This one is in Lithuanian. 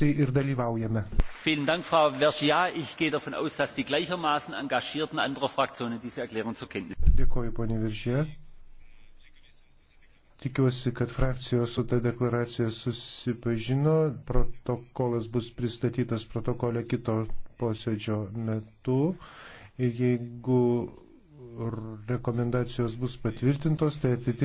ir dalyvaujame. Dank, Frau Vergia. Ich gehe davon aus, dass die gleichermaßen engagierten anderer Fraktionen diese Erklärung zur Kenntnis. Dėkoju, ponė Viržė. Tikiuosi, kad frakcijos su ta deklaracija susipažino. Protokolas bus pristatytas protokole kito posėdžio metu. Ir jeigu rekomendacijos bus patvirtintos, tai atitinkamai.